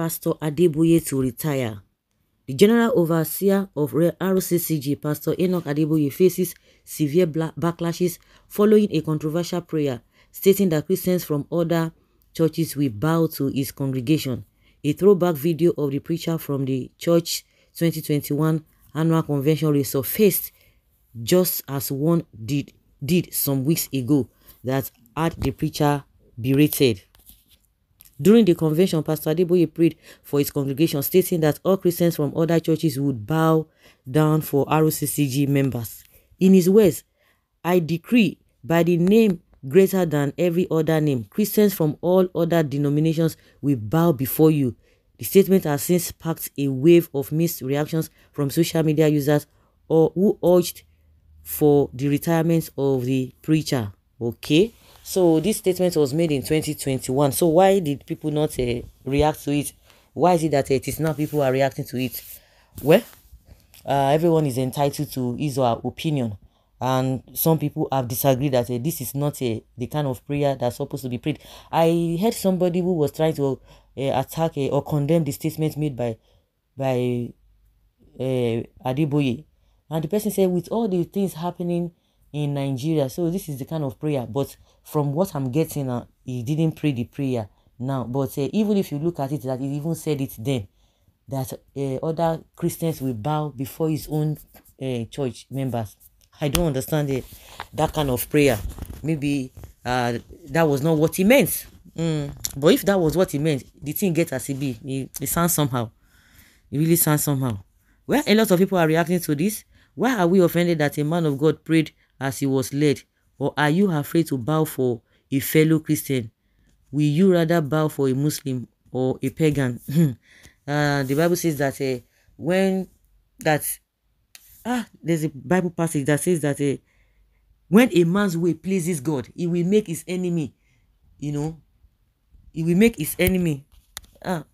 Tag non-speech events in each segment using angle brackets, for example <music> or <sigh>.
Pastor Adeboye to retire. The general overseer of RCCG, Pastor Enoch Adeboye, faces severe backlashes following a controversial prayer stating that Christians from other churches will bow to his congregation. A throwback video of the preacher from the church 2021 annual convention resurfaced just as one did, did some weeks ago that had the preacher berated. During the convention, Pastor Adeboye prayed for his congregation, stating that all Christians from other churches would bow down for ROCCG members. In his words, I decree by the name greater than every other name, Christians from all other denominations will bow before you. The statement has since sparked a wave of mixed reactions from social media users or who urged for the retirement of the preacher. Okay. So this statement was made in 2021. So why did people not uh, react to it? Why is it that uh, it is now people are reacting to it? Well, uh, everyone is entitled to his or her opinion. And some people have disagreed that eh, this is not the kind of prayer that's supposed to be prayed. I heard somebody who was trying to attack or condemn the statement made by by Adiboye, and the person said, with all the things happening in Nigeria. So this is the kind of prayer. But from what I'm getting, uh, he didn't pray the prayer now. But uh, even if you look at it, that he even said it then, that uh, other Christians will bow before his own uh, church members. I don't understand it, that kind of prayer. Maybe uh, that was not what he meant. Mm. But if that was what he meant, the thing gets as it be. It, it sounds somehow. It really sounds somehow. Well, a lot of people are reacting to this. Why are we offended that a man of God prayed as he was led, or are you afraid to bow for a fellow Christian? Will you rather bow for a Muslim or a pagan? Hmm. uh, the Bible says that uh, when that ah, there's a Bible passage that says that uh, when a man's way pleases God, he will make his enemy, you know, he will make his enemy. Ah,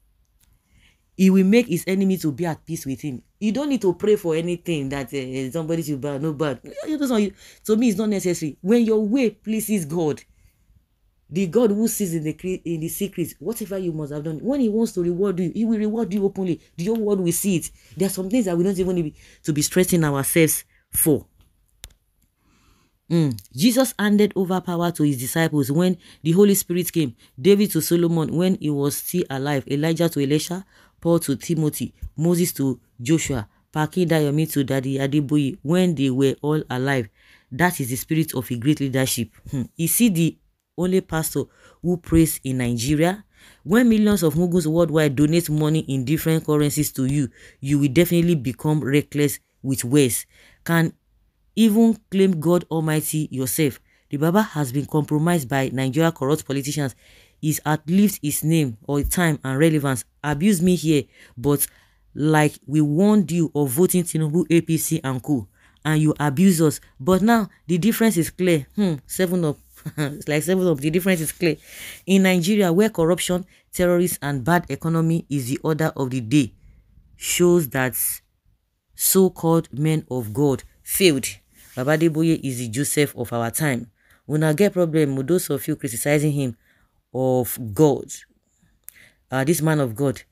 he will make his enemy to be at peace with him you don't need to pray for anything that uh, somebody should bad no bad to me it's not necessary when your way pleases god the god who sees in the in the secret whatever you must have done when he wants to reward you he will reward you openly the whole world will see it there are some things that we don't even need to be stressing ourselves for Mm. Jesus handed over power to his disciples when the Holy Spirit came. David to Solomon when he was still alive. Elijah to Elisha. Paul to Timothy, Moses to Joshua, Dayomi to Daddy Adeboye when they were all alive. That is the spirit of a great leadership. Hmm. Is he the only pastor who prays in Nigeria? When millions of moguls worldwide donate money in different currencies to you, you will definitely become reckless with ways. Can even claim God Almighty yourself. The Baba has been compromised by Nigeria corrupt politicians is at least his name or time and relevance. Abuse me here, but like we warned you of voting Tinubu APC and co, and you abuse us. But now the difference is clear. Hmm, seven up. <laughs> like seven up. The difference is clear. In Nigeria, where corruption, terrorists, and bad economy is the order of the day, shows that so-called men of God failed. Babadeboye is the Joseph of our time. When I get problem with those of you criticizing him, of God. Uh, this man of God,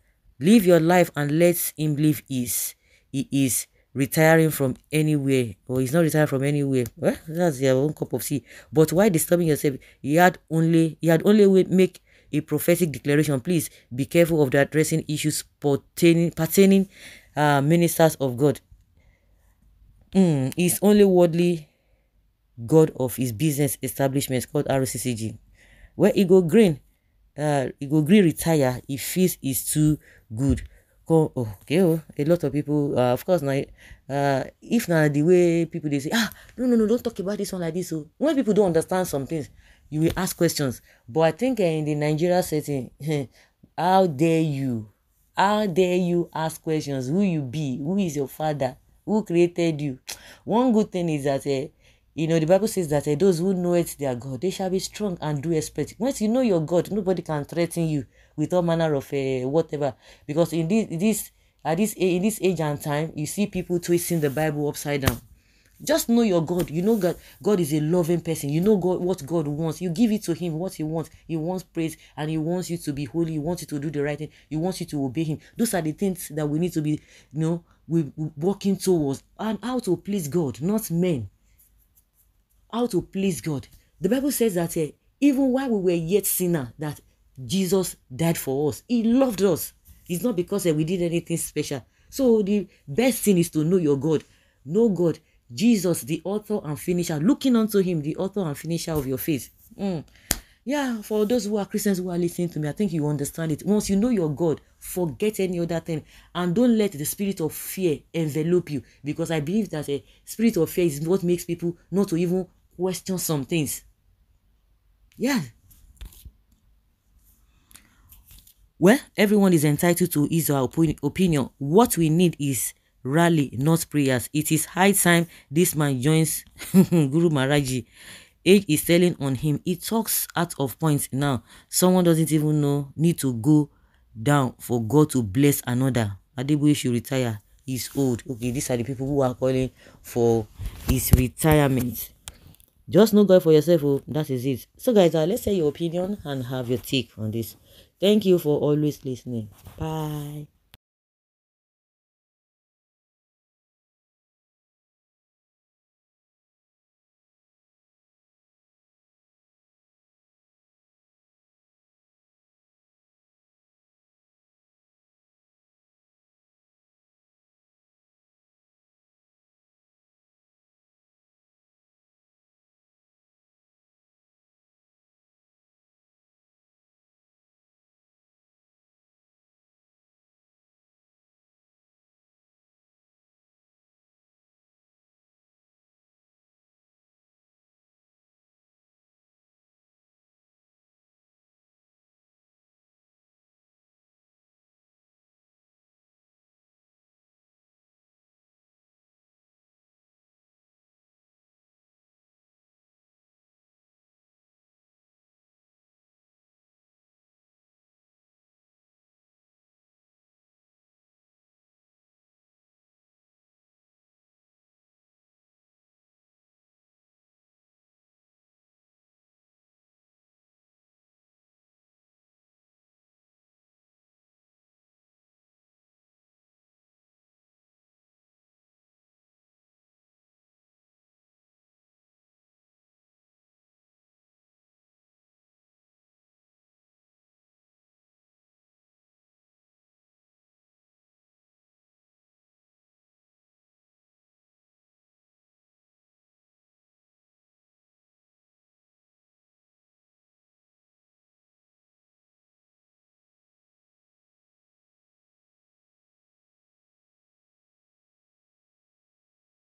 live your life and let him live his. He is retiring from anywhere, or he's not retiring from anywhere. Well, eh, that's your own cup of tea. But why disturbing yourself? He had only he had only make a prophetic declaration. Please be careful of the addressing issues pertaining pertaining uh, ministers of God. Mm, he's only worldly God of his business establishments called RCCG wey he e go green, uh, he go green retire e fees is too good come oh, okay oh, a lot of people uh, of course na uh, if na the way people dey say ah no no no don't talk about this one like this o oh. so, when people don understand some things you will ask questions but i think uh, in the nigeria setting <laughs> how dare you how dare you ask questions who you be who is your father who created you one good thing is that uh, you know the bible says that uh, those who know it their god they shall be strong and do expect once you know your god nobody can threaten you with all manner of uh, whatever because in this, this at this in this age and time you see people twisting the bible upside down just know your god you know god god is a loving person you know god what god wants you give it to him what he wants he wants praise and he wants you to be holy he wants you to do the right thing he wants you to obey him those are the things that we need to be you know we working towards and how to please god not men how to please God. The Bible says that uh, even while we were yet sinner, that Jesus died for us. He loved us. It's not because uh, we did anything special. So the best thing is to know your God. Know God, Jesus, the author and finisher. Looking unto him, the author and finisher of your faith. Mm. Yeah, for those who are Christians who are listening to me, I think you understand it. Once you know your God, forget any other thing and don't let the spirit of fear envelop you because I believe that a eh, spirit of fear is what makes people not to even question some things. Yeah. Well, everyone is entitled to his or her opinion. What we need is rally, not prayers. It is high time this man joins <laughs> Guru Maharaji. Age is telling on him. He talks out of points now. Someone doesn't even know need to go down for God to bless another. Adeboye should retire. He's old. Okay, these are the people who are calling for his retirement. Just know God for yourself. Oh, that is it. So, guys, uh, let's say your opinion and have your take on this. Thank you for always listening. Bye.